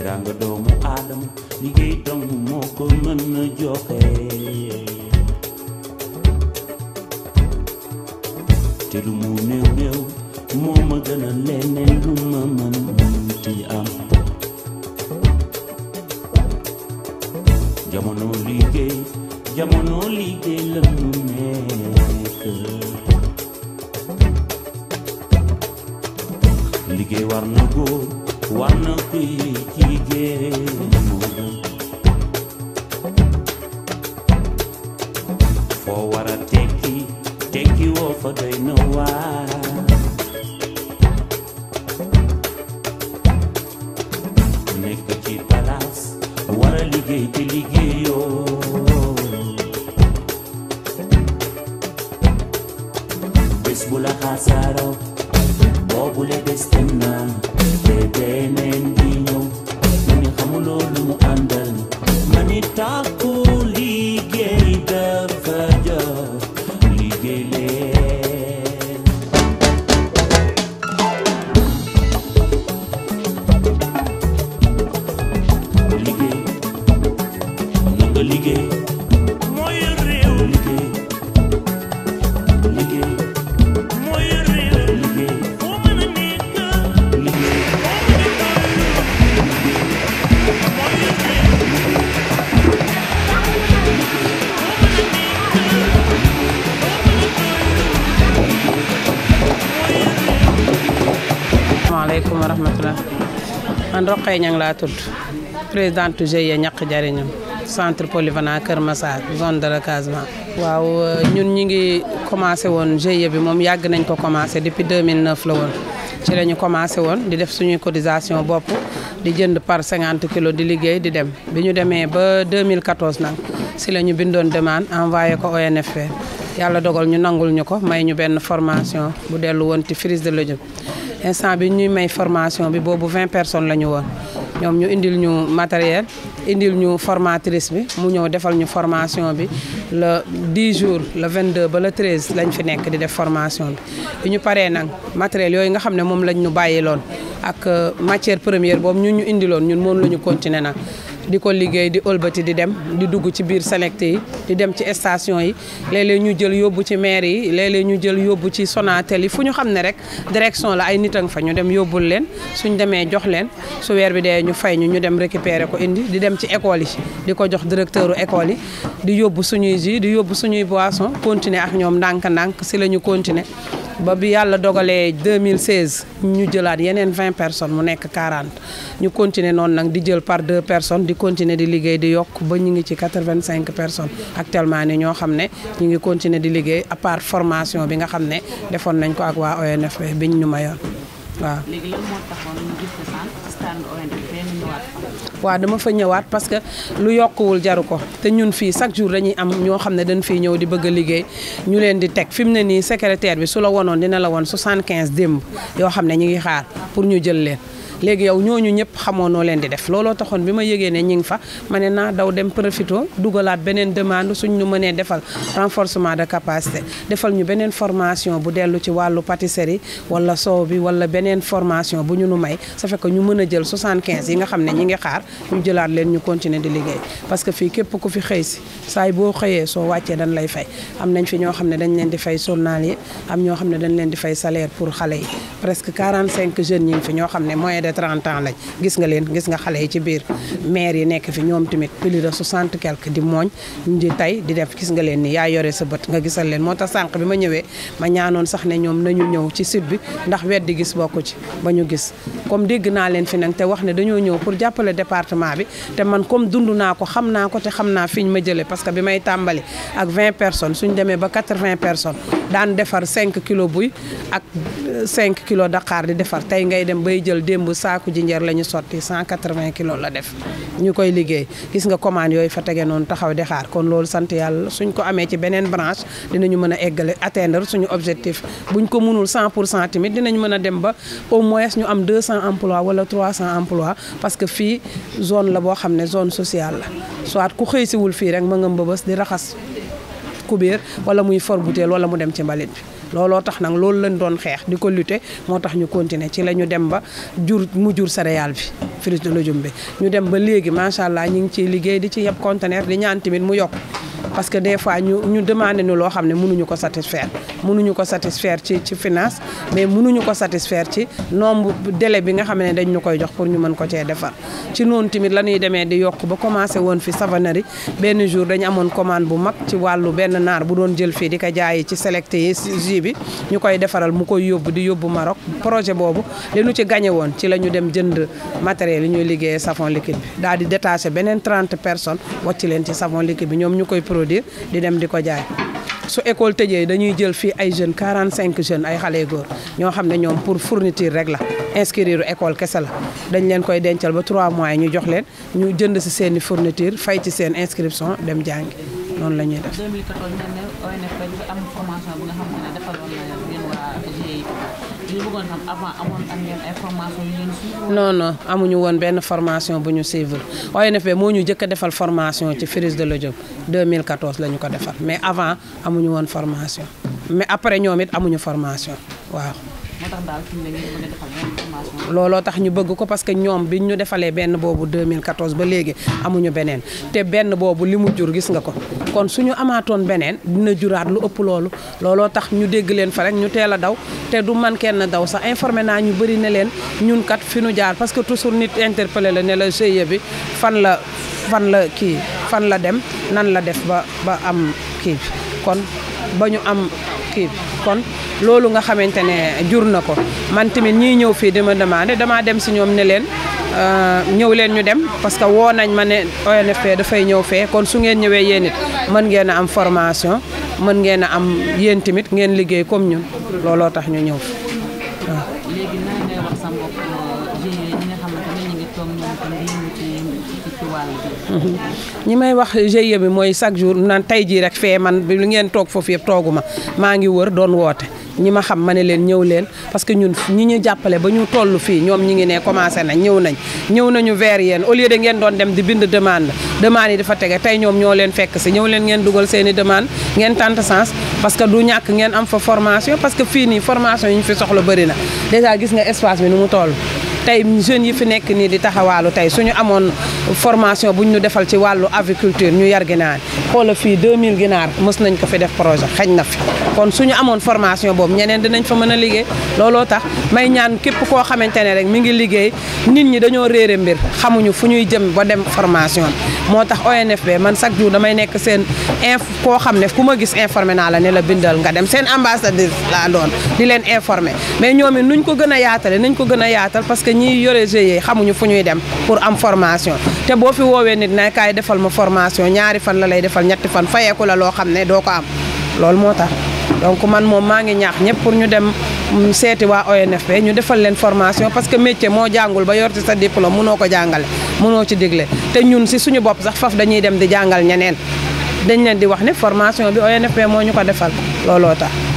teraanga doomu aadama liggéey dong moo ko mën a joxe te lu mu néew néew moo ma gën a leneen lu ma mën mënti am jamono liggéey jamono liggéey la mu nekk liggéey war na góor game. For what I take, take you over, they know why. rahmatullah man Roqay Ñang laa tudd présidente GIE ñàkk jariñu centre polyvalent Kër Massar zone de recasement waaw ñun ñi ngi commencé woon GIE bi moom yàgg nañ ko commencé depuis 2009 la woon ci la ñu commencé woon di def suñuy cotisation bopp di jënd par 50 kilos di liggéey di dem bi ñu demee ba 2014 nag si la ñu bindoon demande envoyé ko ONFP yàlla dogal ñu nangul ñu ko may ñu benn formation bu dellu woon ti frise de légumes instant bi ñuy may formation bi boobu 20 personnes la ñu woon ñoom ñu indil ñu matériel indil ñu formatrice bi mu ñëw defal ñu formation bi le 10 jours le 22 ba le 13 lañ fi nekk di def formation bi ñu paree nag matériel yooyu nga xam ne moom lañ ñu bàyyi loon ak euh, matière première boobu ñun ñu indiloon ñun moom la ñu continuer nag di ko liggéey di ëlbati di dem di dugg ci biir select yi di dem ci station yi léeg-léeg ñu jël yóbbu ci maire yi léeg-léeg ñu jël yóbbu ci Sonatel yi fu ñu xam ne rek direction la ay nitan fa ñu dem yóbbul leen suñ demee jox leen su weer bi dee ñu fay ñu ñu dem récupérer ko indi di dem ci école yi di ko jox directeur u école yi di yóbbu suñuy jus di yóbbu suñuy boisson continuer ak ñoom ndànk-ndànk si la ñu continuer ba bi yàlla dogalee 2016 ñu jëlaat yeneen 20 personnes mu nekk 40 ñu continuer noonu nag di jël par deux personnes di continuer di liggéey di yokk ba ñu ngi ci 85 personnes actuellement ni ñoo xam ne ñu ngi continuer di liggéey à part formation bi nga xam ne defoon nañ ko ak waa ONFP biñ ñu mayoon. waaw dama fa ñëwaat parce que lu yokkuwul jaru ko te ñun fii chaque jour dañuy am ñoo xam ne dañ fii ñëw di bëgg a liggéey ñu leen di teg fi mu ne nii secrétaire bi su la wonoon dina la woon soixante quinze démb yoo xam ne ñu ngi xaar pour ñu jël leen. léegi yow ñooñu ñëpp xamoon noo leen di def looloo taxoon bi ma yëgee ne ñi ngi fa ma ne naa daw dem profito dugalaat beneen demande suñ nu mënee defal renforcement de capacité defal ñu beneen formation bu dellu ci wàllu pâtisserie wala soow bi wala beneen formation bu ñu nu may ça fait ñu mën a jël quinze yi nga xam ne ñi ngi xaar ñu jëlaat leen ñu continuer di liggéey parce que fii képp ku fi xëy si saay boo xëyee soo wàccee dañ lay fay am nañ fi ñoo xam ne dañ leen di fay journalier am ñoo xam ne dañ leen di fay salaire pour xale yi presque 45 jeunes ñi ñoo xam ne moyen de de 30 lañ gis nga leen gis nga xale yi ci biir maire yi nekk fi ñoom tamit plus de 60 quelque di mooñ di tey di def gis nga leen yaa yore sa bët nga gisal leen moo tax sànq bi ma ñëwee ma ñaanoon sax ne ñoom nañu ñëw ci sud bi ndax wet di gis bokku ci ba ñu gis comme dégg naa leen fi nag te wax ne dañoo ñëw pour jàppale département bi te man comme dund naa ko xam naa ko te xam naa fi ñu ma jëlee parce que bi may tàmbali ak 20 personnes suñ demee ba 80 personnes daan defar 5 kilos buy ak 5 euh, kilos daqaar di defar saaku jinjeer la ñu sotti 180 kilos la def ñukoy liggey gis nga commande yoy fa tege non taxaw di xaar kon loolu sante yalla suñ ko amé ci benen branche dinañu mëna a atteindre suñu objectif buñ ko mënul 100 timit dinañu mëna dem ba au moins ñu am 200 emplois wala 300 emplois parce que fi zone la bo xamné zone sociale la soit ku xëy wul fi rek ma nga mbëbës di raxas kubir wala muy forbuté wala mu dem ci mbalit bi looloo tax nag loolu lañ doon xeex di ko lutter moo tax ñu continuer ci la ñu dem ba jur mu jur céréale bi frise de légume bi ñu dem ba léegi macha allah ñu ngi ciy liggéey di ci yeb conteneur di ñaan tamit mu yokk parce que des fois ñu ñu demandé ñu loo xam ne mënuñu ko satisfaire mënuñu ko satisfaire ci ci finance mais mënuñu ko satisfaire ci nombre délai bi nga xam ne dañ ñu koy jox pour ñu mën ko cee defar ci noonu tamit la ñuy demee di yokk ba commencé woon fi savonnerie benn jour dañu amoon commande bu mag ci wàllu benn nar bu doon jël fii di ko jaayi ci selecte yi jus bi ñu koy defaral mu koy yóbbu di yóbbu Maroc projet boobu li ñu ci gagner woon ci la ñu dem jënd matériel yi ñuy liggéeyee savon liquide bi daal di détaché beneen 30 personnes wàcc leen ci savon liquide bi ñoom ñu produire di dem di ko jaay su école tëjee dañuy jël fii ay jeunes cinq jeunes ay xale góor ñoo xam ne ñoom pour fourniture rek la inscrire école kese la dañ leen koy dencal ba trois mois yi ñu jox leen ñu jënd si seeni i fourniture fay ci seen inscription dem jàngi noonu la def. ñu bëggoon amuñu woon benn formation bu ñu suivre ONFP moo ñu jëkk a defal formation ci Félix de Diop 2014 la ñu ko defal mais avant amuñu woon formation mais après ñoom it amuñu formation waaw. lolo tax ñu bëgg ko parce que ñom biñ ñu défalé benn boobu 2014 ba légui amuñu benen te benn boobu limu jur gis nga ko kon suñu amatoon benen dina juraat lu ëpp lolu lolo tax ñu dégg leen fa rek ñu téla daw te du man kenn daw sax informé na ñu bëri ne leen ñun kat fi nu jaar parce que toujours nit interpellé la né la e bi fan la fan la ki fan la dem nan la def ba ba am ki kon bañu am ki kon loolu nga xamante ne jur na ko man tamit ñii ñëw fii dama demandé damaa dem si ñoom ne leen euh, ñëw leen ñu dem parce que woo nañ ma ne ONFP dafay ñëw fee kon su ngeen ñëwee yéen it mën ngeen a am formation mën ngeen a am yéen tamit ngeen liggéey comme ñun looloo tax ñu ñëw fi yi ñi may wax GIE bi mooy chaque jour nan tey jii rek fee man bi li ngeen toog foofu yëpp toogu ma maa ngi wër doon woote ñi ma xam ma ne leen ñëw leen parce que ñun ñi ñu jàppale ba ñu toll fii ñoom ñi ngi ne commencé nañ ñëw nañ ñëw nañu vers yéen au lieu ngeen doon dem di bind demande demande yi dafa tege tey ñoom ñoo leen fekk si ñëw leen ngeen dugal seen i demande ngeen tànt sens parce que du ñàkk ngeen am fa formation parce que fii nii formation yi ñu fi soxla bëri na déjà gis nga espace bi nu mu tey jeunes yi fi nekk nii di taxawaalu tey suñu amoon formation buñ ñu defal ci wàllu aviculture ñu yargi naan xoola fii 2000 ginaar mës nañ ko fi def projet xeñ na fi kon suñu amoon formation boobu ñeneen dinañ fa mën a liggéey looloo tax may ñaan képp koo xamante ne rek mi ngi liggéey nit ñi dañoo réere xamuñu fu ñuy jëm ba dem formation moo tax ONFP man chaque jour damay nekk seen inf koo xam ne ku ma gis informé naa la ne la bindal nga dem seen ambassadeur laa doon di leen informé mais ñoom it nuñ ko gën a yaatale nañ ko gën a yaatal parce que ñii yore GIE xamuñu fu ñuy dem pour am formation te boo fi woowee nit na kaay defal ma formation ñaari fan la lay defal defal ñetti fan fayeeku la loo xam ne doo ko am loolu moo tax donc man moom maa ngi ñaax ñëpp pour ñu dem seeti waa ONFP ñu defal leen formation parce que métier moo jàngul ba yor ci sa diplôme munoo ko jàngale munoo ci dégle te ñun si suñu bopp sax faf dañuy dem di jàngal ñeneen dañ leen di wax ne formation bi ONFP moo ñu ko defal looloo tax